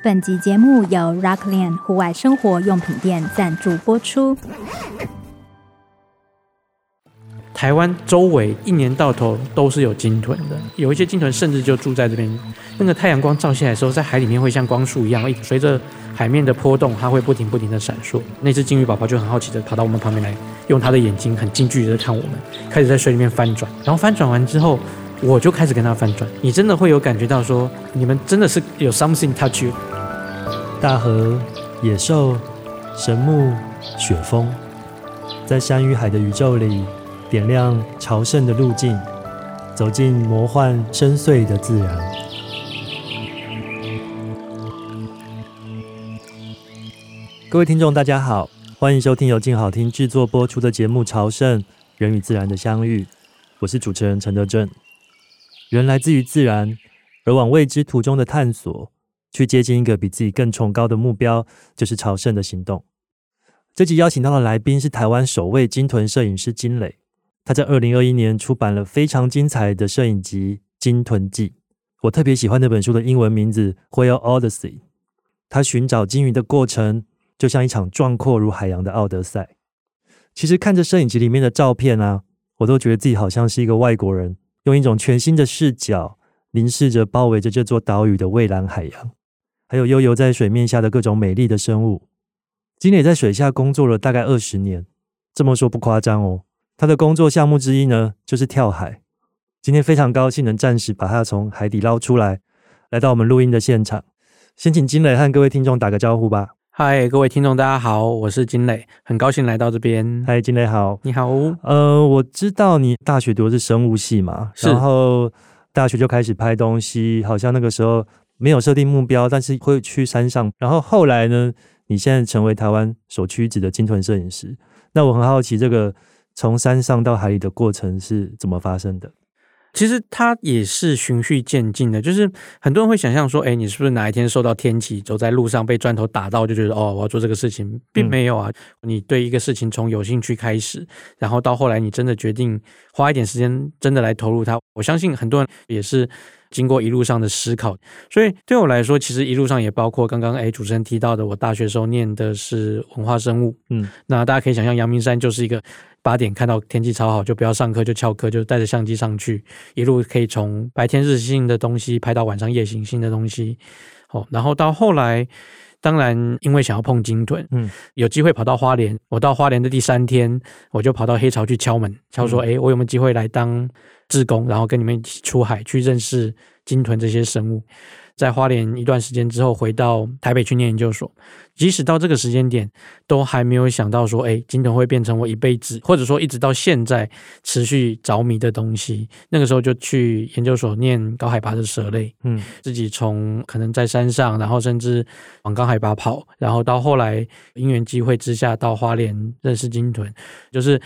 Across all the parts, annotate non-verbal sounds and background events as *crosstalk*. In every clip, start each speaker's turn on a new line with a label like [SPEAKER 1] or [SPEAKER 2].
[SPEAKER 1] 本集節目由 Rockland 戶外生活用品店贊助播出。
[SPEAKER 2] 台灣周圍一年到頭都是有鯨豚的，有一些鯨豚甚至就住在這邊。那個太陽光照下來的時候，在海裡面會像光束一樣，隨着海面的波動，它會不停不停的閃爍。那隻鯨魚寶寶就很好奇的跑到我們旁邊來，用它的眼睛很近距離的看我們，開始在水裡面翻轉，然後翻轉完之後。我就開始跟他翻轉，你真的會有感覺到說，你們真的是有 something touch you。大河、野獸、神木、雪峰，
[SPEAKER 1] 在山與海的宇宙裡點亮朝聖的路徑，走進魔幻深邃的自然。各位聽眾，大家好，歡迎收聽由靜好聽制作播出的節目《朝聖：人與自然的相遇》，我是主持人陳德正。人來自於自然，而往未知途中的探索，去接近一個比自己更崇高的目標，就是朝聖的行動。這集邀請到的來賓是台灣首位鯨豚攝影師金磊，他在二零二一年出版了非常精彩的攝影集《鯨豚記》。我特別喜歡這本書的英文名字《Whale Odyssey》，他尋找鯨魚的過程就像一場壯闊如海洋的奧德賽。其實看着攝影集裡面的照片啊，我都覺得自己好像是一個外國人。用一種全新的視角凝視着包圍着這座島嶼的蔚藍海洋，還有悠游在水面下的各種美麗的生物。金磊在水下工作了大概二十年，這麼說不誇張哦。他的工作項目之一呢，就是跳海。今天非常高興能暫時把他從海底撈出來，來到我們錄音的現場。
[SPEAKER 2] 先請金磊和各位聽眾打個招呼吧。嗨，Hi, 各位聽眾，大家好，我是金磊，很高興來到這邊。嗨，金磊好，你好。
[SPEAKER 1] 呃，我知道你大學讀的是生物系嘛，是然後大學就開始拍東西，好像那個時候沒有設定目標，但是會去山上。然後後來呢，你現在成為台灣首屈一指的鯨豚攝影師，那我很好奇，這個從山上到海裡的過程是怎麼發生的？
[SPEAKER 2] 其實他也是循序漸進的，就是很多人會想象說，哎，你是不是哪一天受到天啟，走在路上被磚頭打到，就覺得哦，我要做這個事情，並沒有啊。你對一個事情從有興趣開始，然後到後來你真的決定花一點時間，真的來投入它。我相信很多人也是經過一路上的思考，所以對我來說，其實一路上也包括剛剛誒主持人提到的，我大學時候念的是文化生物，嗯，那大家可以想象，陽明山就是一個。八點看到天氣超好，就不要上課，就翹課，就帶着相機上去，一路可以從白天日行性的東西拍到晚上夜行性的東西，哦，然後到後來，當然因為想要碰鯨豚，嗯，有機會跑到花蓮。我到花蓮的第三天，我就跑到黑潮去敲門，敲說，嗯、誒我有沒有機會來當志工，然後跟你們一起出海去認識鯨豚這些生物。在花蓮一段時間之後，回到台北去念研究所，即使到這個時間點，都還沒有想到說，誒，鯨豚會變成我一輩子，或者說一直到現在持續着迷的東西。那個時候就去研究所念高海拔的蛇類，嗯，自己從可能在山上，然後甚至往高海拔跑，然後到後來因緣際會之下，到花蓮認識鯨豚，就是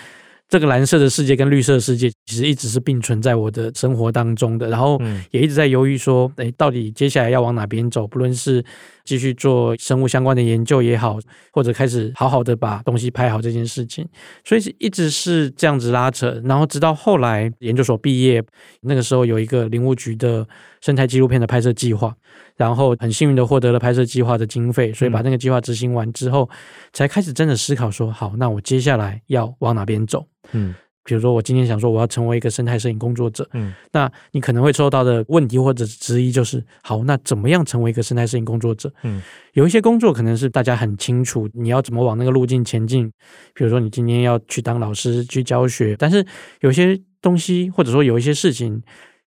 [SPEAKER 2] 這個藍色的世界跟綠色世界，一直其實是併存在我的生活當中的，然後也一直在猶豫說，哎，到底接下來要往哪邊走？不論是繼續做生物相關的研究也好，或者開始好好的把東西拍好這件事情，所以一直是這樣子拉扯。然後直到後來研究所畢業，那個時候有一個林務局的生態紀錄片的拍攝計劃，然後很幸運的獲得了拍攝計劃的經費，所以把那個計劃執行完之後，才開始真的思考說，好，那我接下來要往哪邊走？嗯。比如說，我今天想說，我要成為一個生態攝影工作者。嗯，那你可能會受到的問題或者質疑就是：好，那怎麼樣成為一個生態攝影工作者？嗯，有一些工作可能是大家很清楚你要怎麼往那個路徑前進。比如說，你今天要去當老師去教學，但是有些東西或者說有一些事情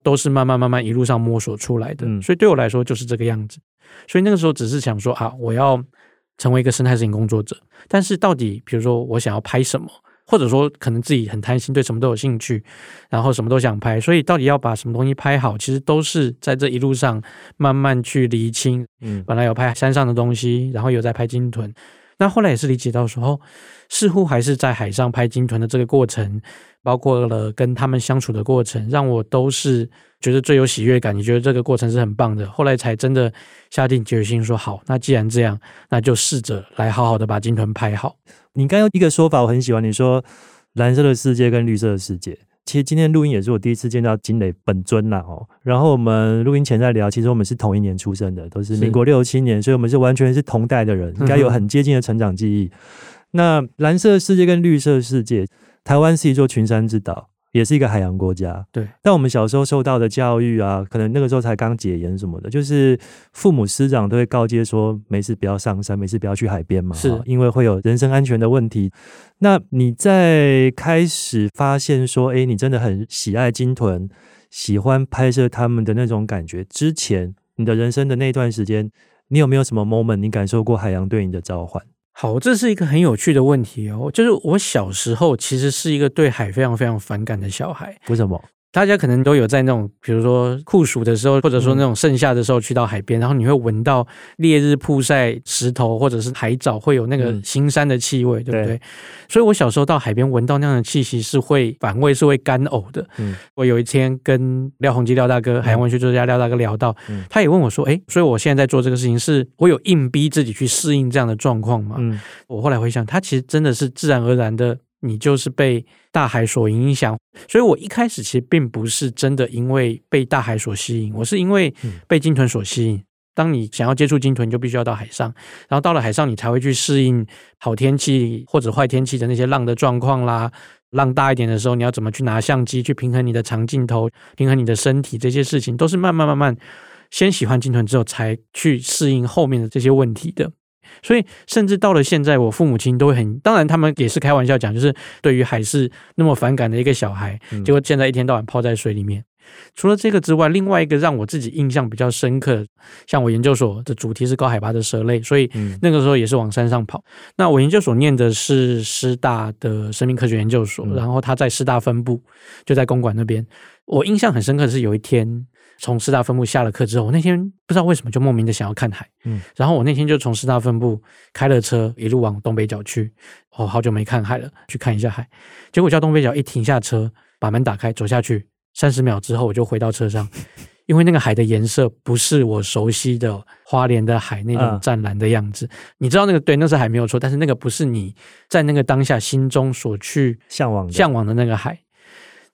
[SPEAKER 2] 都是慢慢慢慢一路上摸索出來的。嗯、所以對我來說就是這個樣子。所以那個時候只是想說：啊，我要成為一個生態攝影工作者。但是到底，比如說我想要拍什麼？或者說，可能自己很貪心，對什麼都有興趣，然後什麼都想拍，所以到底要把什麼東西拍好，其實都是在這一路上慢慢去釐清。嗯，本來有拍山上的東西，然後有在拍鯨豚。那後來也是理解到說，哦，似乎還是在海上拍鯨豚的這個過程，包括了跟他們相處的過程，讓我都是覺得最有喜悅感。你覺得這個過程是很棒的。後來才真的下定決心說好，那既然這樣，那就試着來好好的把鯨豚拍好。你剛剛有一個說
[SPEAKER 1] 法我很喜歡，你說藍色的世界跟綠色的世界。其實今天錄音也是我第一次見到金磊本尊了哦。然後我們錄音前在聊，其實我們是同一年出生的，都是民國六七年，所以我們是完全是同代的人，應該有很接近的成長記憶。那藍色世界跟綠色世界，台灣是一座群山之島，也是一個海洋國家，對。但我們小時候受到的教育啊，可能那個時候才剛解嚴什麼的，就是父母師長都會告誡說，沒事不要上山，沒事不要去海邊嘛，是，因為會有人身安全的問題。那你在開始發現說，哎，你真的很喜愛鯨豚，喜歡拍攝他們的那種感覺之前，你的人生的那段時間，你
[SPEAKER 2] 有沒有什麼 moment 你感受過海洋對你的召喚？好，這是一個很有趣的問題哦。就是我小時候其實是一個對海非常非常反感的小孩，為什麼？大家可能都有在那種，比如說酷暑的時候，或者說那種盛夏的時候，去到海邊，嗯、然後你會聞到烈日曝曬石頭或者是海藻會有那個腥膻的氣味，嗯、對不對？對。所以我小時候到海邊聞到那樣的氣息是會反胃，是會乾嘔的。我、嗯、有一天跟廖鴻基廖大哥海洋文學作家廖大哥聊到，嗯、他也問我說：“誒、欸，所以我現在在做這個事情，是我有硬逼自己去適應這樣的狀況嗎？”嗯、我後來回想，他其實真的是自然而然的。你就是被大海所影響，所以我一開始其實並不是真的因為被大海所吸引，我是因為被鯨豚所吸引。當你想要接觸鯨豚，你就必須要到海上，然後到了海上，你才會去適應好天氣或者壞天氣的那些浪的狀況啦。浪大一點的時候，你要怎麼去拿相機去平衡你的長鏡頭，平衡你的身體，這些事情都是慢慢慢慢先喜歡鯨豚之後，才去適應後面的這些問題的。所以，甚至到了現在，我父母親都會很，當然他們也是開玩笑講，就是對於海是那麼反感的一個小孩，結果現在一天到晚泡在水裡面。嗯、除了這個之外，另外一個讓我自己印象比較深刻，像我研究所的主題是高海拔的蛇類，所以那個時候也是往山上跑。嗯、那我研究所念的是師大的生命科學研究所，嗯、然後他在師大分部，就在公館那邊。我印象很深刻的是有一天。從師大分部下了課之後，我那天不知道為什麼就莫名的想要看海。嗯，然後我那天就從師大分部開了車，一路往東北角去。我、哦，好久沒看海了，去看一下海。結果到東北角一停下車，把門打開，走下去三十秒之後，我就回到車上， *laughs* 因為那個海的顏色不是我熟悉的花蓮的海那種湛藍的樣子。嗯、你知道那個對，那是海沒有錯，但是那個不是你在那個當下心中所去向往向往的那個海。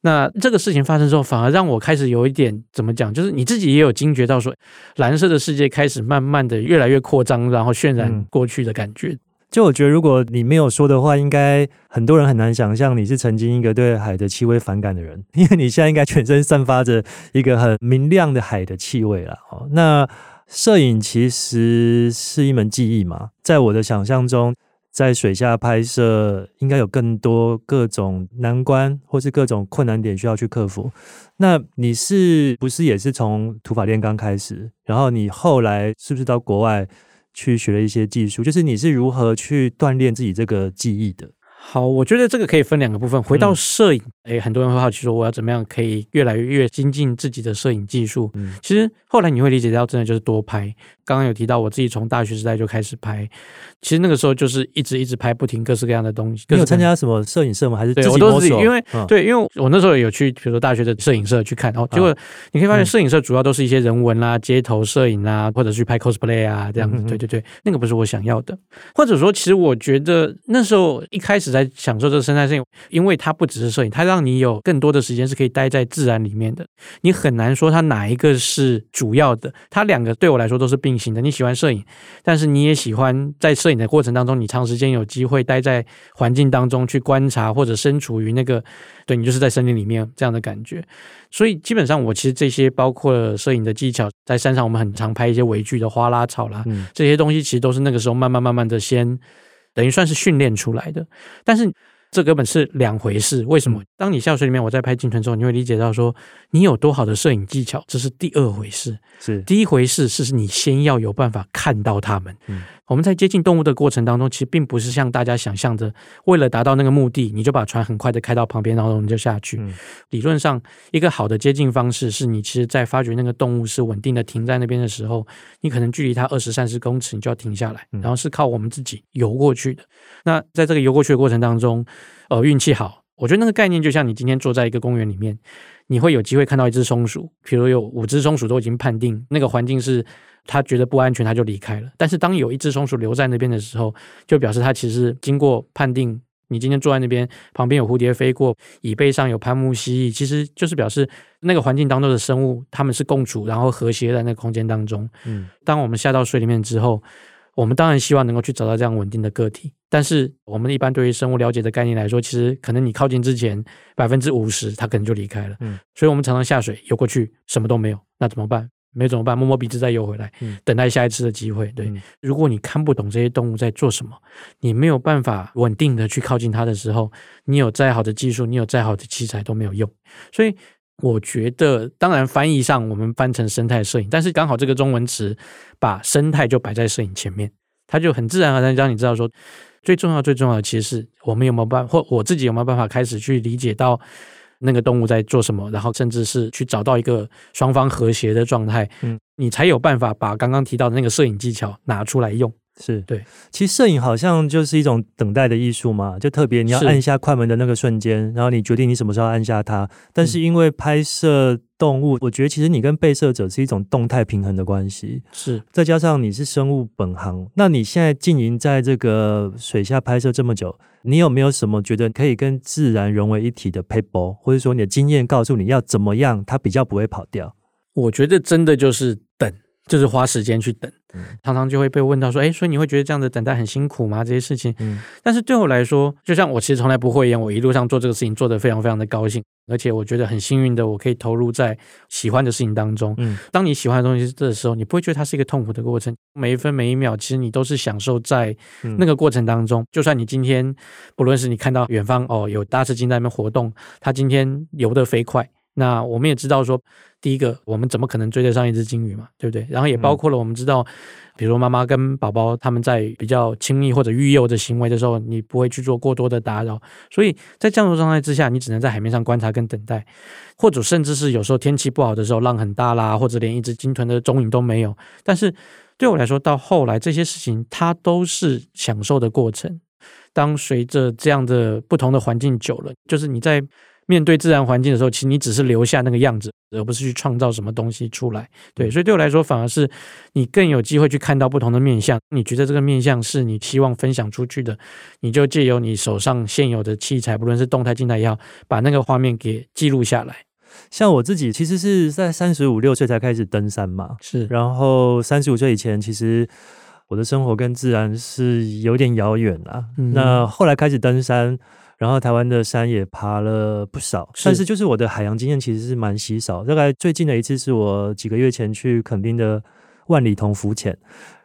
[SPEAKER 2] 那這個事情發生之後，反而讓我開始有一點怎麼講，就是你自己也有驚覺到說，藍色的世界開始慢慢的越來越擴張，然後渲染過去的感覺。嗯，
[SPEAKER 1] 就我覺得，如果你沒有說的話，應該很多人很難想象你是曾經一個對海的氣味反感的人，因為你現在應該全身散發着一個很明亮的海的氣味了。哦，那攝影其實是一門技藝嘛，在我的想象中。在水下拍攝應該有更多各種難關，或是各種困難點需要去克服。那你是不是也是從土法煉鋼開始？然後你後來是不是到國外
[SPEAKER 2] 去學了一些技術？就是你是如何去鍛鍊自己這個技藝的？好，我覺得這個可以分兩個部分。回到攝影，哎、嗯，很多人會好奇說，我要怎麼樣可以越來越越精進自己的攝影技術？嗯、其實後來你會理解到，真的就是多拍。剛剛有提到，我自己從大學時代就開始拍，其實那個時候就是一直一直拍，不停各式各樣的東西。就是、你有參加什麼攝影社嗎？還是自己摸索？對我都是有，因為、嗯、對，因為我那時候有去，比如說大學的攝影社去看，然後、哦、結果你可以發現，攝影社主要都是一些人文啦、街頭攝影啊，或者去拍 cosplay 啊這樣子。嗯、對對對，那個不是我想要的。或者說，其實我覺得那時候一開始。在享受這個生態攝影，因為它不只是攝影，它讓你有更多的時間是可以待在自然裡面的。你很難說它哪一個是主要的，它兩個對我來說都是並行的。你喜歡攝影，但是你也喜歡在攝影的過程當中，你長時間有機會待在環境當中去觀察，或者身處於那個對你就是在森林裡面這樣的感覺。所以基本上，我其實這些包括攝影的技巧，在山上我們很常拍一些微距的花啦草啦、草啦、嗯、這些東西，其實都是那個時候慢慢慢慢的先。等於算是訓練出來的，但是這根本是兩回事。為什麼？當你下水裡面，我在拍鯨豚之後，你會理解到說你有多好的攝影技巧，這是第二回事。是第一回事，是你先要有辦法看到他們。嗯我們在接近動物的過程當中，其實並不是像大家想象的，為了達到那個目的，你就把船很快的開到旁邊，然後我們就下去。嗯、理論上，一個好的接近方式是你其實，在發覺那個動物是穩定的停在那邊的時候，你可能距離它二十三十公尺，你就要停下來，然後是靠我們自己游過去的。嗯、那在這個游過去的過程當中，呃，運氣好，我覺得那個概念就像你今天坐在一個公園裡面，你會有機會看到一隻松鼠，譬如有五隻松鼠都已經判定那個環境是。他覺得不安全，他就離開了。但是當有一隻松鼠留在那邊的時候，就表示他其實經過判定，你今天坐在那邊，旁邊有蝴蝶飛過，椅背上有攀木蜥蜴，其實就是表示那個環境當中的生物，他們是共處，然後和諧在那個空間當中。嗯，當我們下到水裡面之後，我們當然希望能夠去找到這樣穩定的個體，但是我們一般對於生物了解的概念來說，其實可能你靠近之前百分之五十，它可能就離開了。嗯，所以我們常常下水游過去，什麼都沒有，那怎麼辦？沒怎麼辦，摸摸鼻子再游回來，嗯，等待下一次的機會。對，如果你看不懂這些動物在做什麼，你沒有辦法穩定的去靠近它的時候，你有再好的技術，你有再好的器材都沒有用。所以我覺得，當然翻譯上我們翻成生態攝影，但是剛好這個中文詞把生態就擺在攝影前面，它就很自然而然讓你知道說，最重要最重要的其實是我們有沒有辦法，或我自己有沒有辦法開始去理解到。那個動物在做什麼，然後甚至是去找到一個雙方和諧的狀態，嗯，你才有辦法把剛剛提到的那個攝影技巧拿出來用。是對，其實攝影好像就是一種等待的藝術嘛，就特別你要按下
[SPEAKER 1] 快門的那個瞬間，是然後你決定你什麼時候按下它。但是因為拍攝動物，嗯、我覺得其實你跟被攝者是一種動態平衡的關係。是，再加上你是生物本行，那你現在經營在這個水下拍攝這麼久，你有沒有什麼覺得可以跟自然融為一體的 paper，或者說你的經驗告訴你要怎麼樣，它比較
[SPEAKER 2] 不會跑掉？我覺得真的就是等。就是花時間去等，常常就會被問到說，誒、欸，所以你會覺得這樣子等待很辛苦嗎？這些事情，嗯、但是對我來說，就像我其實從來不諱言，我一路上做這個事情做得非常非常的高興，而且我覺得很幸運的，我可以投入在喜歡的事情當中。嗯、當你喜歡的東西的時候，你不會覺得它是一個痛苦的過程，每一分每一秒，其實你都是享受在那個過程當中。嗯、就算你今天，不論是你看到遠方哦，有大翅鯨在那邊活動，它今天游得飛快，那我們也知道說。第一個，我們怎麼可能追得上一隻鯨魚嘛，對不對？然後也包括了，我們知道，嗯、比如媽媽跟寶寶他們在比較親密或者育幼的行為的時候，你不會去做過多的打擾。所以在這樣的狀態之下，你只能在海面上觀察跟等待，或者甚至是有時候天氣不好的時候，浪很大啦，或者連一隻鯨豚的蹤影都沒有。但是對我來說，到後來這些事情，它都是享受的過程。當隨着這樣的不同的環境久了，就是你在。面對自然環境的時候，其實你只是留下那個樣子，而不是去創造什麼東西出來。對，所以對我來說，反而是你更有機會去看到不同的面相。你覺得這個面相是你希望分享出去的，你就借由你手上現有的器材，不論是動態、靜態也好，把那個畫面給記錄下來。像我自己，其實
[SPEAKER 1] 是在三十五六歲才開始登山嘛。是，然後三十五歲以前，其實我的生活跟自然是有點遙遠啦。嗯、那後來開始登山。然後台灣的山也爬了不少，是，但是就是我的海洋經驗其實是蠻稀少。大概最近的一次是我幾個月前去墾丁的萬里桐浮潛，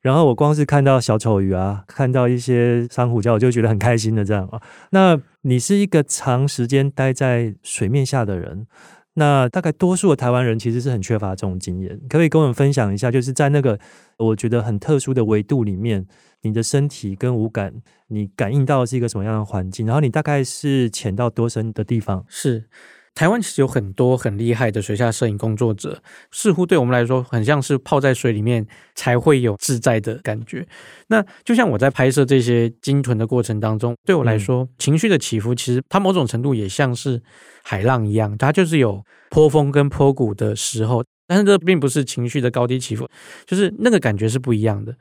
[SPEAKER 1] 然後我光是看到小丑魚啊，看到一些珊瑚礁，我就覺得很開心的這樣啊。那你是一個長時間待在水面下的人，那大概多數的台灣人其實是很缺乏這種經驗，可以跟我們分享一下，就是在那個我覺得很特殊的維度裡面。你的身體跟五感，你感應到是一個什麼樣的環境？然後你大概
[SPEAKER 2] 是潛到多深的地方？是，台灣其實有很多很厲害的水下攝影工作者，似乎對我們來說，很像是泡在水裡面才會有自在的感覺。那就像我在拍攝這些鯨豚的過程當中，對我來說，嗯、情緒的起伏其實它某種程度也像是海浪一樣，它就是有波峰跟波谷的時候。但是這並不是情緒的高低起伏，就是那個感覺是不一樣的。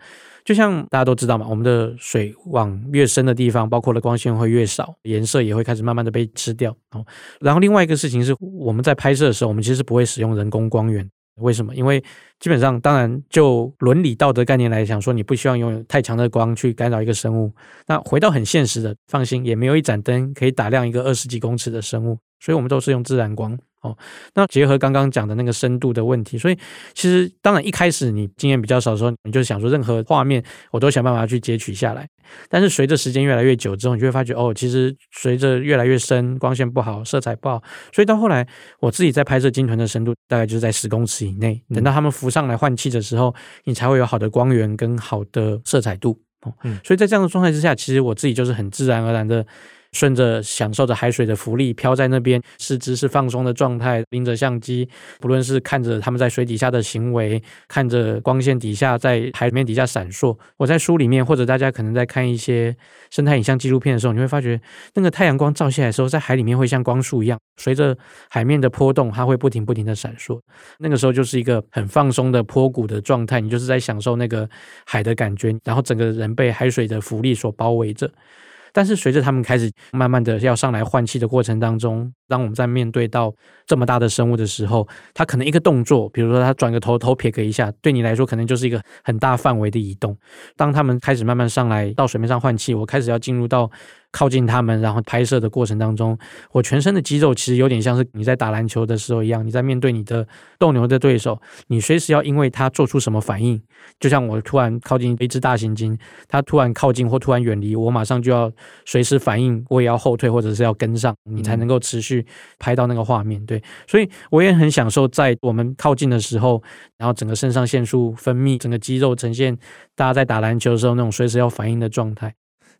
[SPEAKER 2] 就像大家都知道嘛，我們的水往越深的地方，包括了光線會越少，顏色也會開始慢慢的被吃掉哦。然後另外一個事情是，我們在拍攝的時候，我們其實不會使用人工光源。為什麼？因為基本上，當然就倫理道德概念來講，說你不希望擁有太強的光去干擾一個生物。那回到很現實的，放心，也沒有一盞燈可以打亮一個二十幾公尺的生物，所以我們都是用自然光。哦，那結合剛剛講的那個深度的問題，所以其實當然一開始你經驗比較少的時候，你就想說任何畫面我都想辦法去截取下來。但是隨着時間越來越久之後，你就會發覺哦，其實隨着越來越深，光線不好，色彩不好。所以到後來，我自己在拍攝鯨豚的深度大概就是在十公尺以內。等到他們浮上來換氣的時候，你才會有好的光源跟好的色彩度。所以在這樣的狀態之下，其實我自己就是很自然而然的。順着享受着海水的浮力，飄在那邊，四肢是放鬆的狀態，拎着相機，不論是看着他們在水底下的行為，看着光線底下在海面底下閃爍。我在書裡面，或者大家可能在看一些生態影像紀錄片的時候，你會發覺，那個太陽光照下來的時候，在海裡面會像光束一樣，隨着海面的波動，它會不停不停的閃爍。那個時候就是一個很放鬆的坡谷的狀態，你就是在享受那個海的感覺，然後整個人被海水的浮力所包圍着，但是隨着他們開始慢慢的要上來換氣的過程當中。當我們在面對到這麼大的生物的時候，它可能一個動作，比如說它轉個頭，頭撇個一下，對你來說可能就是一個很大範圍的移動。當它們開始慢慢上來到水面上換氣，我開始要進入到靠近它們，然後拍攝的過程當中，我全身的肌肉其實有點像是你在打籃球的時候一樣，你在面對你的鬥牛的對手，你隨時要因為它做出什麼反應。就像我突然靠近一隻大型鯨，它突然靠近或突然遠離，我馬上就要隨時反應，我也要後退或者是要跟上，你才能夠持續。去拍到那個畫面，對，所以我也很享受在我們靠近的時候，然後整個腎上腺素分泌，整個肌肉呈現大家在打籃球的時候那種隨時要反應的狀態。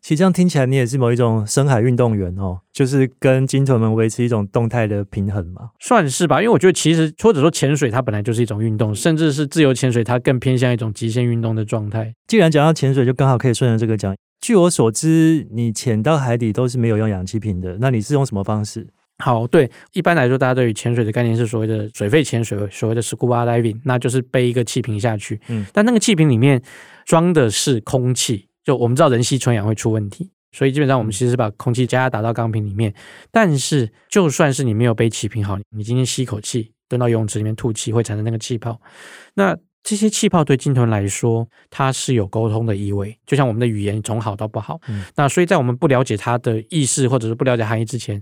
[SPEAKER 2] 其實這樣聽起來，你也是某一種深
[SPEAKER 1] 海運動員哦，
[SPEAKER 2] 就是跟鯨豚們維持一種動態的平衡嘛，算是吧。因為我覺得其實或者說潛水它本來就是一種運動，甚至是自由潛水它更偏向一種極限運動的狀態。既然
[SPEAKER 1] 講到潛水，就剛好可以順着這個講。據我所知，你潛到海底都是沒有用氧氣瓶
[SPEAKER 2] 的，那你是用什麼方式？好，對，一般來說，大家對於潛水的概念是所謂的水肺潛水，所謂的 scuba diving，那就是背一個氣瓶下去。嗯，但那個氣瓶裡面裝的是空氣，就我們知道人吸純氧會出問題，所以基本上我們其實是把空氣加壓打到鋼瓶裡面。但是，就算是你沒有背氣瓶，好，你今天吸一口氣，蹲到游泳池裡面吐氣，會產生那個氣泡。那這些氣泡對鯨豚來說，它是有溝通的意味，就像我們的語言從好到不好。嗯、那所以在我們不了解它的意思或者是不了解含義之前，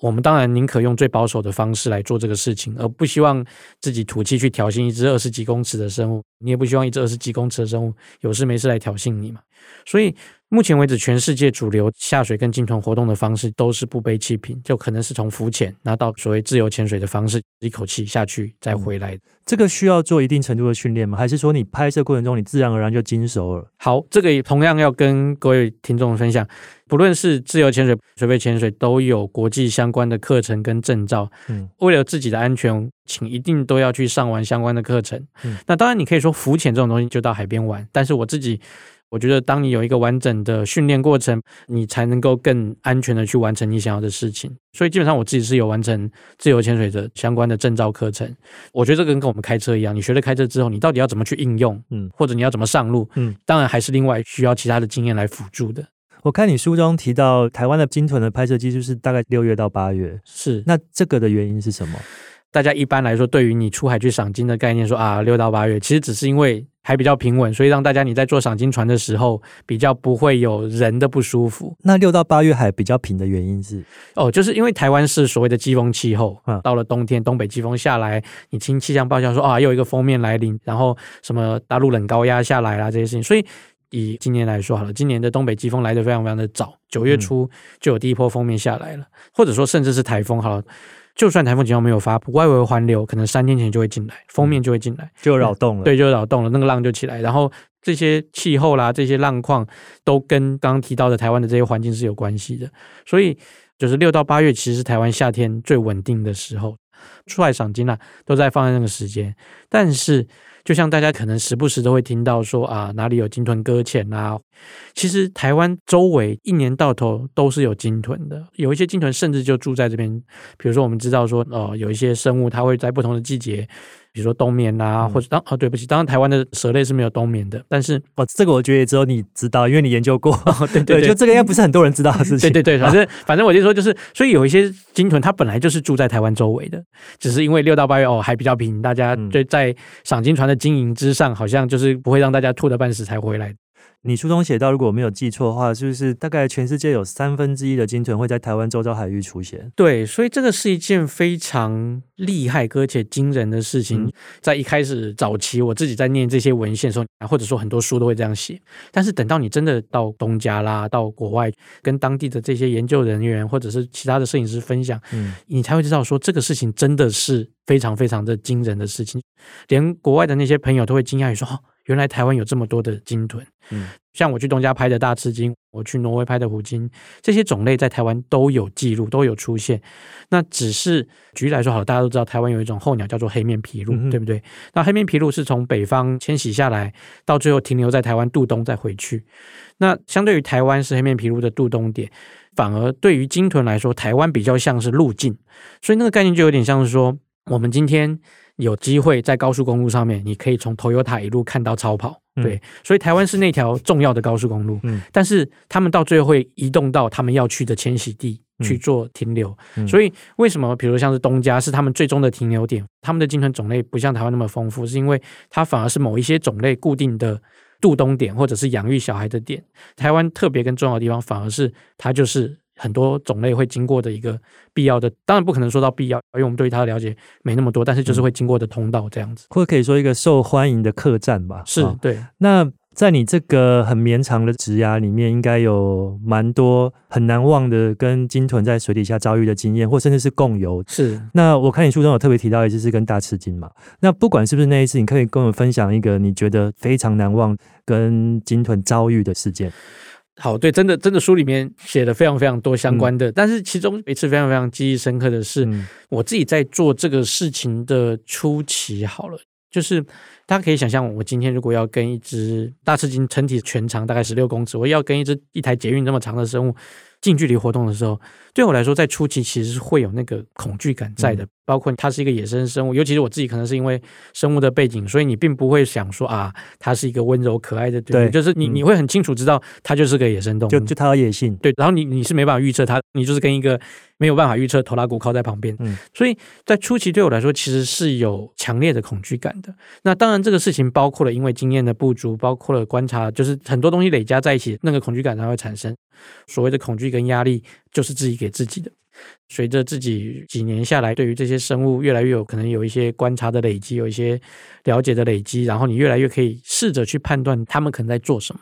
[SPEAKER 2] 我們當然寧可用最保守的方式來做這個事情，而不希望自己吐氣去挑釁一只二十幾公尺的生物。你也不希望一隻二十幾公尺的生物有事沒事來挑釁你嘛？所以目前為止，全世界主流下水跟鯨豚活動的方式都是不背氣瓶，就可能是從浮潛拿到所謂自由潛水的方式，一口氣下去再回來的，嗯。這個需要做一定程度的訓練嗎？還是說你拍攝過程中你自然而然就精熟了？好，這個也同樣要跟各位聽眾分享。不論是自由潛水、水肺潛水，都有國際相關的課程跟證照。嗯，為了自己的安全，請一定都要去上完相關的課程。嗯，那當然，你可以說浮潛這種東西就到海邊玩，但是我自己，我覺得當你有一個完整的訓練過程，你才能夠更安全的去完成你想要的事情。所以，基本上我自己是有完成自由潛水的相關的證照課程。我覺得這跟跟我們開車一樣，你學了開車之後，你到底要怎麼去應用？嗯，或者你要怎麼上路？嗯，當然還是另外需要其他的經驗來輔助的。
[SPEAKER 1] 我看你書中提到台灣的鯨豚的拍攝技術，
[SPEAKER 2] 是大概六月到八月，是那這個的原因是什麼？大家一般來說對於你出海去賞鯨的概念說啊，六到八月其實只是因為還比較平穩，所以讓大家你在坐賞鯨船的時候比較不會有人的不舒服。那六到八月海比較平的原因是哦，就是因為台灣是所謂的季風氣候，嗯、到了冬天東北季風下來，你聽氣象報章說啊，又一個鋒面來臨，然後什麼大陸冷高壓下來啦、啊、這些事情，所以。以今年來說好了，今年的東北季風來的非常非常的早，九月初就有第一波封面下來了，嗯、或者說甚至是台風，好，了，就算台風警報沒有發布，外圍環流可能三天前就會進來，封面就會進來，就擾動了、嗯，對，就擾動了，那個浪就起來，然後這些氣候啦，這些浪況都跟剛剛提到的台灣的這些環境是有關係的，所以就是六到八月，其實是台灣夏天最穩定的時候，出海賞金啦，都在放在那個時間，但是。就像大家可能時不時都會聽到說啊，哪裡有鯨豚擱淺啊？其實台灣周圍一年到頭都是有鯨豚的，有一些鯨豚甚至就住在這邊。比如說我們知道說，呃，有一些生物它會在不同的季節，比如說冬眠啊，或者當……哦對不起，當然台灣的蛇類是沒有冬眠的。但是，哦，我這個我覺得也只有你知道，因為你研究過。 *laughs* *laughs* 對對，對，就這個應該不是很多人知道的事情。 *laughs* 對對對，反正反正我就說，就是所以有一些鯨豚它本來就是住在台灣周圍的，只是因為六到八月哦還比較平，大家對在賞鯨船的。經營之上，好像就是不會讓大家吐得半死才回來。
[SPEAKER 1] 你書中寫到，如果我沒有記錯的話，是、就、不是大概全世界有三分之一的鯨豚會在台灣周遭海域出現？
[SPEAKER 2] 對，所以這個是一件非常厲害而且驚人的事情。嗯、在一開始早期，我自己在念這些文獻的時候，或者說很多書都會這樣寫。但是等到你真的到東加啦，到國外跟當地的這些研究人員或者是其他的攝影師分享，嗯、你才會知道說這個事情真的是非常非常的驚人的事情，連國外的那些朋友都會驚訝於說。原來台灣有這麼多的鯨豚，像我去東加拍的大翅鯨，我去挪威拍的虎鯨，這些種類在台灣都有記錄，都有出現。那只是舉例來說，好，大家都知道台灣有一種候鳥叫做黑面琵鷺，嗯、哼對不對？那黑面琵鷺是從北方遷徙下來，到最後停留在台灣渡冬，再回去。那相對於台灣是黑面琵鷺的渡冬點，反而對於鯨豚來說，台灣比較像是路徑。所以那個概念就有點像是說，我們今天。有機會在高速公路上面，你可以從 Toyota 一路看到超跑，對。嗯、所以台灣是那條重要的高速公路，嗯。但是他們到最後會移動到他們要去的遷徙地去做停留。嗯嗯、所以為什麼，比如像是東加，是他們最終的停留點，他們的精存種類不像台灣那麼豐富，是因為它反而是某一些種類固定的度冬點或者是養育小孩的點。台灣特別跟重要的地方，反而是它就是。很多種類會經過的一個必要的，當然不可能說到必要，因為我們對於它的了解沒那麼多。但是就是會經過的通道這樣子，或可以說一個受歡迎的客棧吧。是，哦、對。那在你這個
[SPEAKER 1] 很綿長的職涯裡面，應該有蠻多很難忘的跟鯨豚在水底下遭遇的經驗，或甚至是共游。是。那我看你書中有特別提到一次是跟大翅鯨嘛？那不管是不是那一次，你可以跟我們分享一個你覺得非常難忘跟鯨豚遭遇的事件。
[SPEAKER 2] 好，對，真的，真的，書裡面寫了非常非常多相關的，嗯、但是其中一次非常非常記憶深刻的是，嗯、我自己在做這個事情的初期，好了，就是。大家可以想象，我今天如果要跟一隻大翅鯨，成體全長大概十六公尺，我要跟一隻一台捷運這麼長的生物近距離活動的時候，對我來說，在初期其實是會有那個恐懼感在的。包括它是一個野生生物，尤其是我自己可能是因為生物的背景，所以你並不會想說啊，它是一個溫柔可愛的，對，就是你你會很清楚知道它就是個野生動物，就就它野性對，然後你你是沒辦法預測它，你就是跟一個沒有辦法預測頭拉骨靠在旁邊，嗯，所以在初期對我來說，其實是有強烈的恐懼感的。那當但這個事情包括了，因為經驗的不足，包括了觀察，就是很多東西累加在一起，那個恐懼感才會產生。所謂的恐懼跟壓力，就是自己給自己的。隨着自己幾年下來，對於這些生物越來越有可能有一些觀察的累積，有一些了解的累積，然後你越來越可以試着去判斷他們可能在做什麼。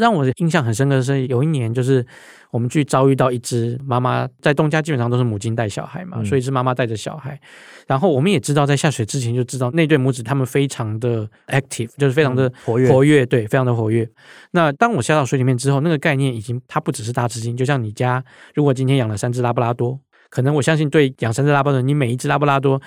[SPEAKER 2] 讓我的印象很深刻的是，有一年就是我們去遭遇到一隻媽媽，在東加基本上都是母親帶小孩嘛，所以是媽媽帶着小孩。然後我們也知道，在下水之前就知道那對母子他們非常的 active，就是非常的活躍，活躍對，非常的活躍。那當我下到水裡面之後，那個概念已經它不只是大資金，就像你家如果今天養了三隻拉布拉多，可能我相信對養三隻拉布拉多，你每一隻拉布拉多。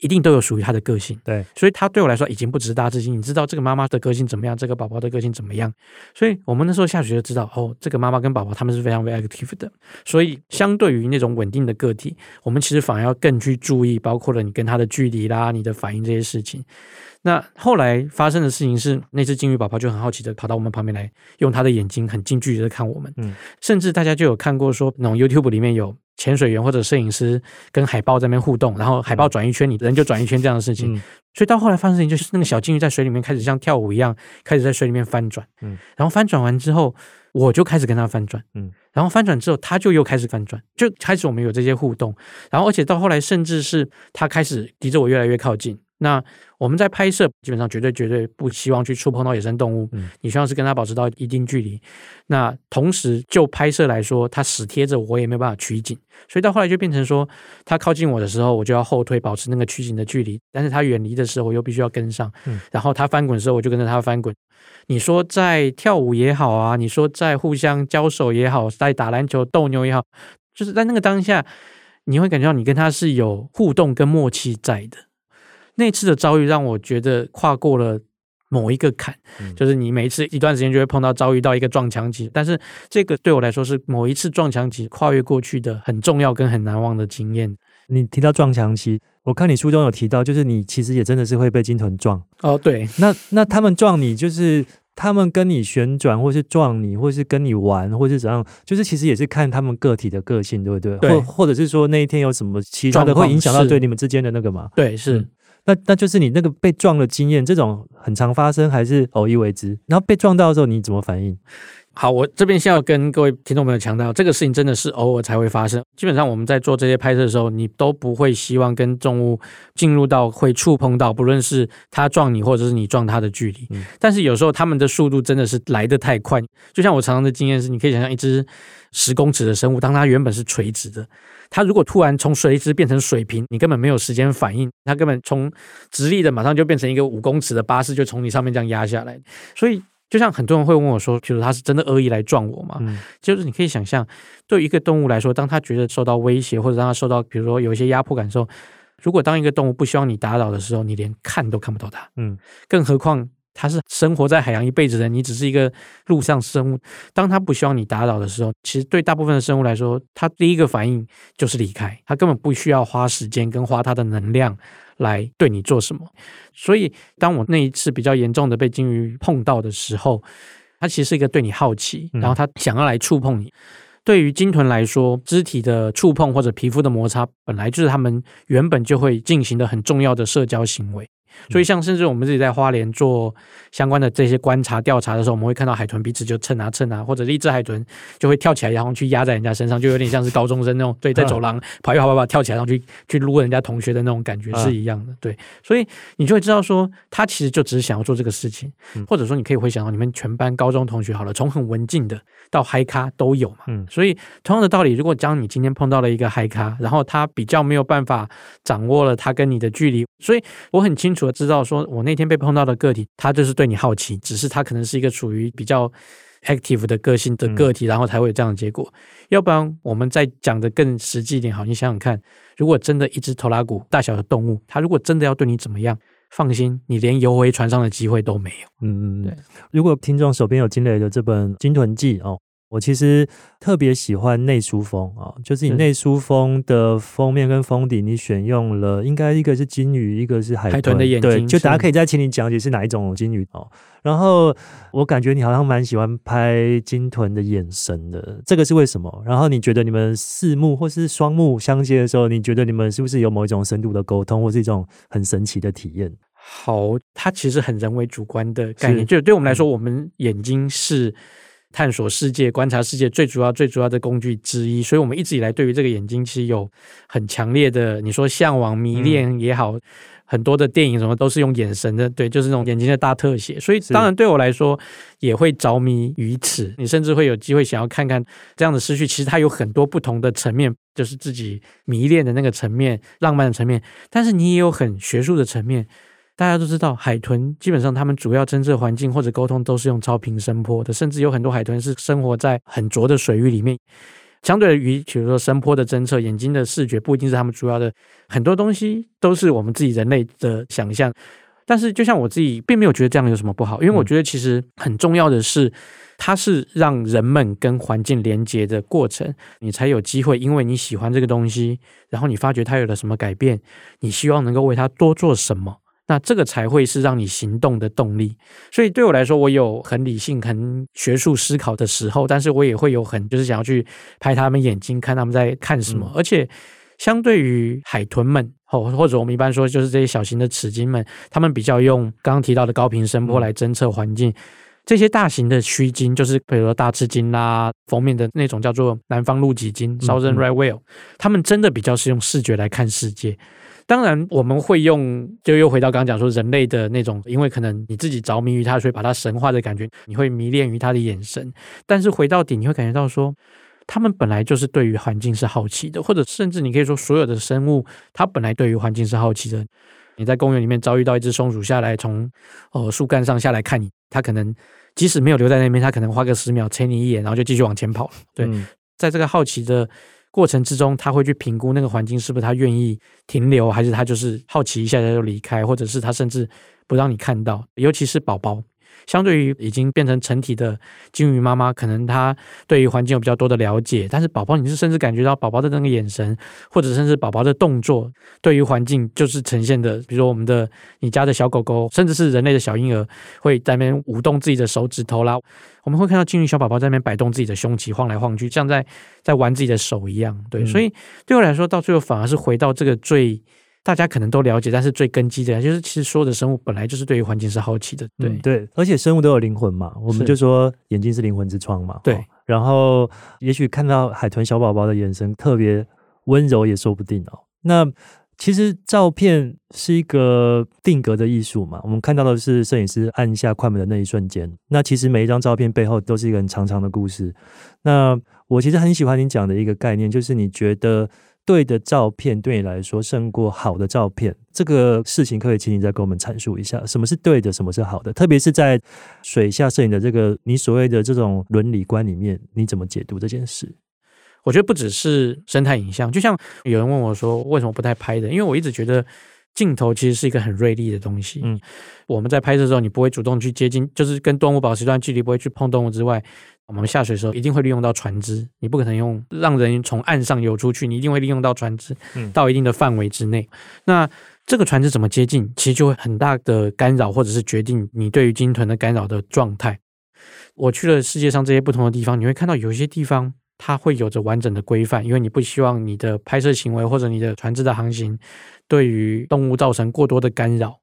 [SPEAKER 2] 一定都有屬於他的個性，對，所以他對我來說已經不值大智心。你知道這個媽媽的個性怎麼樣，這個寶寶的個性怎麼樣？所以我們那時候下水就知道，哦，這個媽媽跟寶寶他們是非常 very active 的。所以相對於那種穩定的個體，我們其實反而要更去注意，包括了你跟他的距離啦，你的反應這些事情。那後來發生的事情是，那只鯨魚寶寶就很好奇的跑到我們旁邊來，用它的眼睛很近距離的看我們。嗯，甚至大家就有看過說，那種 YouTube 裡面有潛水員或者攝影師跟海豹在那邊互動，然後海豹轉一圈，你人就轉一圈這樣的事情。嗯、所以到後來發生事情就是，那個小鯨魚在水裡面開始像跳舞一樣，開始在水裡面翻轉。嗯，然後翻轉完之後，我就開始跟它翻轉。嗯，然後翻轉之後，它就又開始翻轉，就開始我們有這些互動。然後而且到後來，甚至是它開始離着我越來越靠近。那我們在拍攝，基本上絕對絕對不希望去觸碰到野生動物，你希望是跟他保持到一定距離。那同時就拍攝來說，他死貼着我也沒有辦法取景，所以到後來就變成說，他靠近我的時候，我就要後退保持那個取景的距離；但是他遠離的時候，我又必須要跟上。然後他翻滾的時候，我就跟着他翻滾。你說在跳舞也好啊，你說在互相交手也好，在打籃球、鬥牛也好，就是在那個當下，你會感覺到你跟他是有互動跟默契在的。那次的遭遇讓我覺得跨過了某一個坎，嗯、就是你每一次一段時間就會碰到，遭遇到一個撞牆期，但是這個對我來說是某一次撞牆期跨越過去的很重要跟很難忘的經驗。你提到撞牆期，我看你書中有提到，就是你其實也
[SPEAKER 1] 真的是會被鯨豚撞哦。對，那那他們撞你就是他們跟你旋轉，或是撞你，或是跟你玩，或是怎樣，就是其實也是看他們個體的個性，對不對？或對或者是說那一天有什麼其他的會影響到對你們之間的那個嗎？對，是。那那就是你那個被撞的經驗，這種很常發生還是偶一為之？然後被撞到的時候你怎麼
[SPEAKER 2] 反應？好，我這邊先要跟各位聽眾朋友強調，這個事情真的是偶爾才會發生。基本上我們在做這些拍攝的時候，你都不會希望跟重物進入到會觸碰到，不論是它撞你或者是你撞它的距離。嗯、但是有時候他們的速度真的是來得太快，就像我常常的經驗是，你可以想象一隻十公尺的生物，當它原本是垂直的。它如果突然從垂直變成水平，你根本沒有時間反應，它根本從直立的馬上就變成一個五公尺的巴士，就從你上面這樣壓下來。所以，就像很多人會問我說，比如他是真的惡意來撞我嗎？嗯，就是你可以想象，對一個動物來說，當它覺得受到威脅或者讓它受到，比如說有一些壓迫感受，如果當一個動物不希望你打擾的時候，你連看都看不到它，嗯，更何況。它是生活在海洋一輩子的人，你只是一個陸上生物。當它不希望你打擾的時候，其實對大部分的生物來說，它第一個反應就是離開，它根本不需要花時間跟花它的能量來對你做什麼。所以，當我那一次比較嚴重的被鯨魚碰到的時候，它其實是一個對你好奇，然後它想要來觸碰你。嗯、對於鯨豚來說，肢體的觸碰或者皮膚的摩擦，本來就是它們原本就會進行的很重要的社交行為。所以，像甚至我們自己在花蓮做相關的這些觀察調查的時候，我們會看到海豚鼻子就蹭啊蹭啊，或者是一隻海豚就會跳起來，然後去壓在人家身上，就有點像是高中生那種， *laughs* 對，在走廊跑一跑跑跑跳起來，然後去去擼人家同學的那種感覺是一樣的， *laughs* 對。所以你就會知道說，他其實就只是想要做這個事情， *laughs* 或者說你可以回想到你們全班高中同學好了，從很文靜的到嗨咖都有嘛。 *laughs* 嗯。所以同樣的道理，如果將你今天碰到了一個嗨咖，然後他比較沒有辦法掌握了他跟你的距離，所以我很清楚。我知道說，我那天被碰到的個體，它就是對你好奇，只是它可能是一個處於比較 active 的個性的個體，嗯、然後才會有這樣的結果。要不然，我們再講得更實際一點，好，你想想看，如果真的，一只頭拉骨大小的動物，它如果真的要對你怎麼樣，放心，你連游回船上的機會都沒有。嗯
[SPEAKER 1] 嗯嗯，對。如果聽眾手邊有金磊的這本《鯨豚記》哦。我其實特別喜歡內書封啊，就是你內書封的封面跟封底，你選用了應該一個是鯨魚，一個是海豚,海豚的眼睛，對的就大家可以再請你講解是哪一種鯨魚哦。然後我感覺你好像蠻喜歡拍鯨豚的眼神的，這個是為什麼？然後你覺得你們四目或是雙目相接的時候，你覺得你們是不是有某一種深度的溝通，或是一種很神奇的體驗？
[SPEAKER 2] 好，它其實很人為主觀的概念，是就是對我們來說，嗯、我們眼睛是。探索世界、觀察世界最主要、最主要的工具之一，所以我們一直以來對於這個眼睛其實有很強烈的，你說嚮往、迷戀也好，很多的電影什麼都是用眼神的，對，就是那種眼睛的大特寫。所以，當然對我來說也會着迷於此。是你甚至會有機會想要看看這樣的失去，其實它有很多不同的層面，就是自己迷戀的那個層面、浪漫的層面，但是你也有很學術的層面。大家都知道，海豚基本上他們主要偵測環境或者溝通都是用超頻聲波的，甚至有很多海豚是生活在很濁的水域裡面。相對於比如說聲波的偵測，眼睛的視覺不一定是他們主要的，很多東西都是我們自己人類的想象。但是，就像我自己，並沒有覺得這樣有什麼不好，因為我覺得其實很重要的是，它是讓人們跟環境連接的過程，你才有機會，因為你喜歡這個東西，然後你發覺它有了什麼改變，你希望能夠為它多做什麼。那這個才會是讓你行動的動力，所以對我來說，我有很理性、很學術思考的時候，但是我也會有很就是想要去拍他們眼睛，看他們在看什麼。而且，相對於海豚們，或或者我們一般說就是這些小型的齒鯨們，他們比較用剛剛提到的高頻聲波來偵測環境。嗯嗯這些大型的鬚鯨，就是比如說大翅鯨啦，封面的那種叫做南方露脊鯨，嗯，Southern Right Whale），他們真的比較是用視覺來看世界。當然，我們會用，就又回到剛剛講說，人類的那種，因為可能你自己着迷於它，所以把它神化的感覺，你會迷戀於它的眼神。但是回到底，你會感覺到說，他們本來就是對於環境是好奇的，或者甚至你可以說，所有的生物，它本來對於環境是好奇的。你在公園裡面遭遇到一隻松鼠下來從、從呃樹幹上下來看你，它可能即使沒有留在那邊，它可能花個十秒瞥你一眼，然後就繼續往前跑了。對，嗯，在這個好奇的過程之中，他會去評估那個環境是不是他願意停留，還是他就是好奇一下就離開，或者是他甚至不讓你看到，尤其是寶寶。相對於已經變成成體的鯨魚媽媽，可能她對於環境有比較多的了解，但是寶寶，你是甚至感覺到寶寶的那個眼神，或者甚至寶寶的動作，對於環境就是呈現的，比如說我們的你家的小狗狗，甚至是人類的小嬰兒，會在那邊舞動自己的手指頭啦，我們會看到鯨魚小寶寶在那邊擺動自己的胸鰭，晃來晃去，像在在玩自己的手一樣，對，所以對我來說，到最後反而是回到這個最。大家可能都了解，但是最根基的，就是其實所有的生物本來就是對於環境是好奇的，對、嗯、對，
[SPEAKER 1] 而且生物都有靈魂嘛，是我們就說眼睛是靈魂之窗嘛，對、哦。然後也許看到海豚小寶寶的眼神特別溫柔，也說不定哦。那其實照片是一個定格的藝術嘛，我們看到的是攝影師按下快門的那一瞬間。那其實每一張照片背後都是一個很長長的故事。那我其實很喜歡你講的一個概念，就是你覺得。對的照片對你來說勝過好的照片，這個事情可以請你再給我們闡述一下，什麼是對的，什麼是好的？特別是在水下攝影的這個你所謂的這種倫理觀裡面，你怎麼解讀這件事？
[SPEAKER 2] 我覺得不只是生態影像，就像有人問我說，為什麼不太拍的？因為我一直覺得鏡頭其實是一個很銳利的東西。嗯，我們在拍攝的時候，你不會主動去接近，就是跟動物保持一段距離，不會去碰動物之外。我們下水的時候一定會利用到船隻，你不可能用讓人從岸上游出去，你一定會利用到船隻，到一定的範圍之內。嗯、那這個船隻怎麼接近，其實就會很大的干擾，或者是決定你對於鯨豚的干擾的狀態。我去了世界上這些不同的地方，你會看到有些地方它會有着完整的規範，因為你不希望你的拍攝行為或者你的船隻的航行對於動物造成過多的干擾。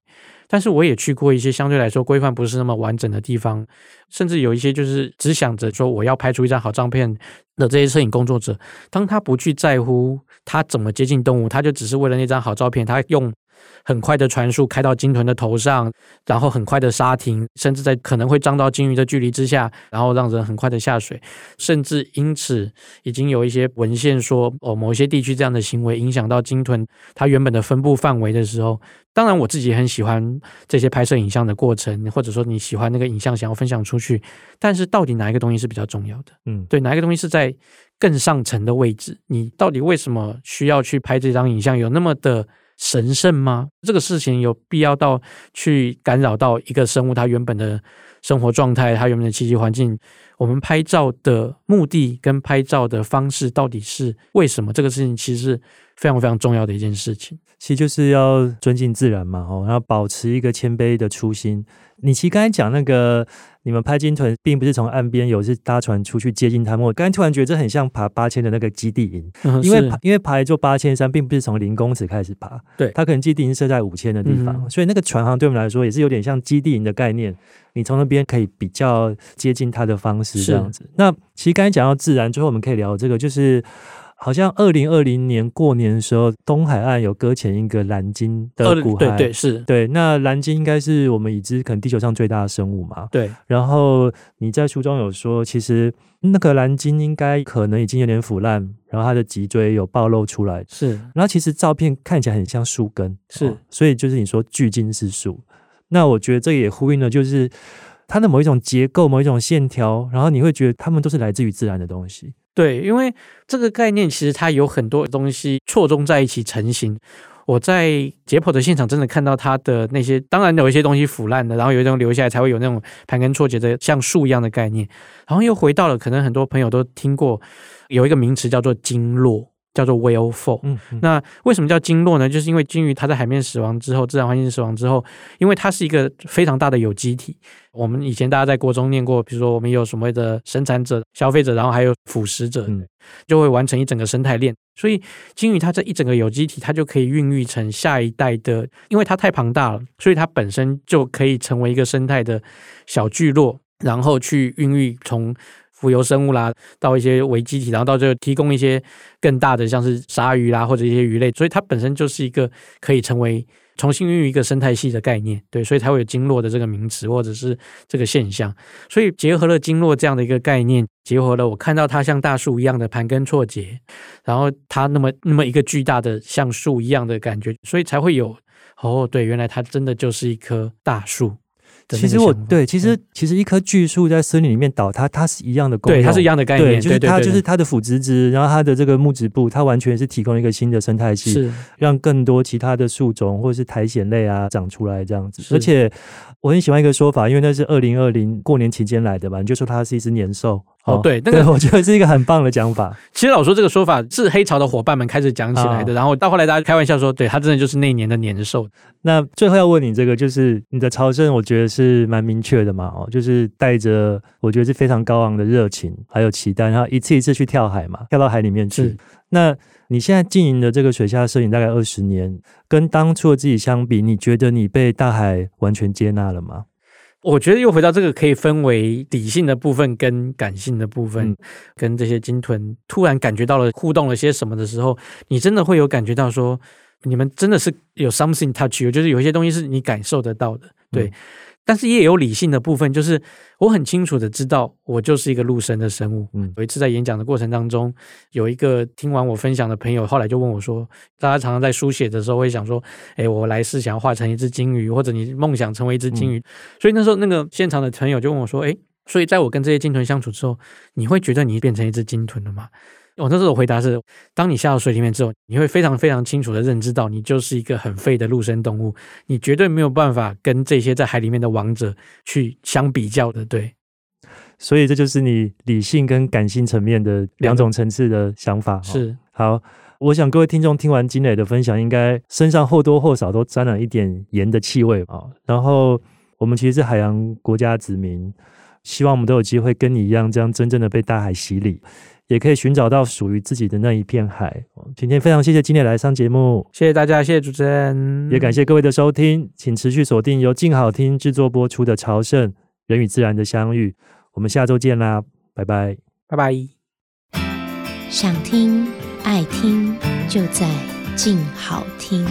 [SPEAKER 2] 但是我也去過一些相對來說，規範不是那麼完整的地方，甚至有一些就是只想着說我要拍出一張好照片的這些攝影工作者，當他不去在乎他怎麼接近動物，他就只是為了那張好照片，他用。很快的船速，開到鯨豚的頭上，然後很快的剎停，甚至在可能會撞到鯨魚的距離之下，然後讓人很快的下水，甚至因此已經有一些文獻說，哦，某一些地區這樣的行為影響到鯨豚它原本的分布範圍的時候，當然我自己也很喜歡這些拍攝影像的過程，或者說你喜歡那個影像想要分享出去，但是到底哪一個東西是比較重要的？嗯，對，哪一個東西是在更上層的位置？你到底為什麼需要去拍這張影像？有那麼的？神聖嗎？這個事情有必要到去干擾到一個生物它原本的生活狀態，它原本的棲息環境。我們拍照的目的跟拍照的方式到底是為什麼？這個事情其實是非常非常重要的一件事情，其實就是要尊敬自然嘛，哦，然後保持
[SPEAKER 1] 一個謙卑的初心。你其實剛才講那個，你們拍鯨豚並不是從岸邊，有是搭船出去接近他們。我剛才突然覺得這很像爬八千的那個基地營，嗯、因為因為爬一座八千山，並不是從零公尺開始爬，對，它可能基地營設在五千的地方，嗯、所以那個船行對我們來說也是有點像基地營的概念。你從那邊可以比較接近它的方式。是這樣子。那其實剛才講到自然，最後我們可以聊這個，就是好像二零二零年過年的時候，東海岸有擱淺一個藍鯨的骨骸。哦、對對，是對。那藍鯨應該是我們已知可能地球上最大的生物嘛？對。然後你在書中有說，其實那個藍鯨應該可能已經有點腐爛，然後它的脊椎有暴露出來。是。然後其實照片看起來很像樹根。是、嗯。所以就是你說巨鯨是樹，那我覺得這也呼應了，就是。它的某一種結構，某一種線條，然後你會覺得它們都是來自於自然的東西。
[SPEAKER 2] 對，因為這個概念其實它有很多東西錯綜在一起成型。我在解剖的現場真的看到它的那些，當然有一些東西腐爛的，然後有一種留下來，才會有那種盤根錯節的像樹一樣的概念。然後又回到了，可能很多朋友都聽過，有一個名詞叫做經絡。叫做 w i a l f l 那為什麼叫鯨落呢？就是因為鯨魚它在海面死亡之後，自然環境死亡之後，因為它是一個非常大的有機體。我們以前大家在國中念過，比如說我們有什麼的生產者、消費者，然後還有腐食者，就會完成一整個生態鏈。嗯、所以鯨魚它這一整個有機體，它就可以孕育成下一代的，因為它太龐大了，所以它本身就可以成為一個生態的小聚落，然後去孕育從。浮游生物啦，到一些微基體，然後到最後提供一些更大的，像是鯊魚啦或者一些魚類，所以它本身就是一個可以成為重新孕育一個生態系的概念，對，所以才會有鯨落的這個名詞或者是這個現象。所以結合了鯨落這樣的一個概念，結合了我看到它像大樹一樣的盤根錯節，然後它那麼那麼一個巨大的像樹一樣的感覺，所以才會有哦，對，原來它真的就是一棵大樹。其實我
[SPEAKER 1] 對、嗯、其實其實一棵巨樹在森林裡面倒塌，它它是一樣的功能，對，它是一樣的概念，對，就是它，對對對對，就是它的腐殖質，然後它的這個木質部，它完全是提供一個新的生態系，是讓更多其他的樹種或者是苔蘚類啊長出來這樣子。是而且我很喜歡一個說法，因為那是二零二零過年期間來的吧，你就說它是一隻年獸。哦，對，那個對我覺得是一個很棒的講法。
[SPEAKER 2] 其實老說這個說法是黑潮的夥伴們開始講起來的，哦、然後到後來大家開玩笑說，對他真的就是那一年的年獸。
[SPEAKER 1] 那最後要問你這個，就是你的朝聖，我覺得是蠻明確的嘛，哦，就是帶着我覺得是非常高昂的熱情，還有期待，然後一次一次去跳海嘛，跳到海裡面去。嗯、那你現在經營的這個水下攝影大概二十年，跟當初的自己相比，你覺得你被大海完全接納了嗎？
[SPEAKER 2] 我覺得又回到這個，可以分為理性的部分跟感性的部分，嗯、跟這些鯨豚突然感覺到了互動了些什麼的時候，你真的會有感覺到說，你們真的是有 something touch，就是有一些東西是你感受得到的，對。嗯但是也有理性的部分，就是我很清楚的知道，我就是一個陸生的生物。嗯、有一次在演講的過程當中，有一個聽完我分享的朋友，後來就問我說：“大家常常在書寫的時候會想說，哎、欸，我來世想要化成一隻鯨魚，或者你夢想成為一隻鯨魚。嗯”所以那時候那個現場的朋友就問我說：“哎、欸，所以在我跟這些鯨豚相處之後，你會覺得你變成一隻鯨豚了嗎？”我、哦、那時候回答是：當你下到水裡面之後，你會非常非常清楚的認知到，你就是一個很廢的陸生動物，你絕對沒有辦法跟這些在海裡面的王者去相比較的。對，所以這就是
[SPEAKER 1] 你理性跟感性層面的兩種層次的想法。嗯、是好，我想各位聽眾聽完金磊的分享，應該身上或多或少都沾了一點鹽的氣味。然後我們其實是海洋國家子民。希望我們都有機會跟你一樣，這樣真正的被大海洗禮，也可以尋找到屬於自己的那一片海。今天非常謝謝金磊來上節目，
[SPEAKER 2] 謝謝大家，謝謝主持人，
[SPEAKER 1] 也感謝各位的收聽，請持續鎖定由靜好聽制作播出的《朝聖：人與自然的相遇》，我們下周見啦，拜拜，
[SPEAKER 2] 拜拜。想聽愛聽
[SPEAKER 1] 就在靜好聽。